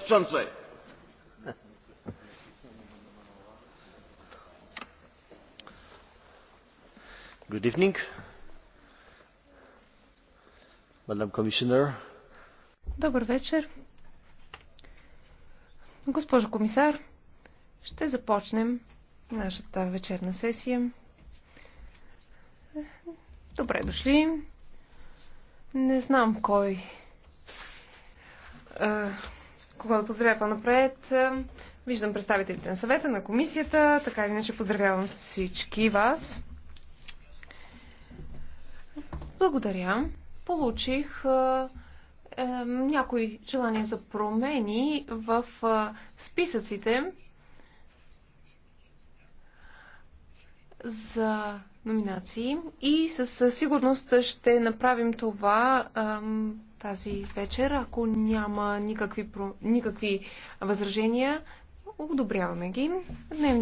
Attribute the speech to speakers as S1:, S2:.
S1: przewodniczący! Good evening, Madam Commissioner.
S2: Добър вечер. Госпожо комисар, ще започнем нашата вечерна сесия. Добре дошли. Не знам кой Поздравя по-напред. Е, виждам представителите на съвета, на комисията. Така или иначе поздравявам всички вас. Благодаря. Получих е, е някои желания за промени в е, списъците за номинации и със сигурност ще направим това е, тази вечер. Ако няма никакви, никакви възражения, одобряваме ги. Дневният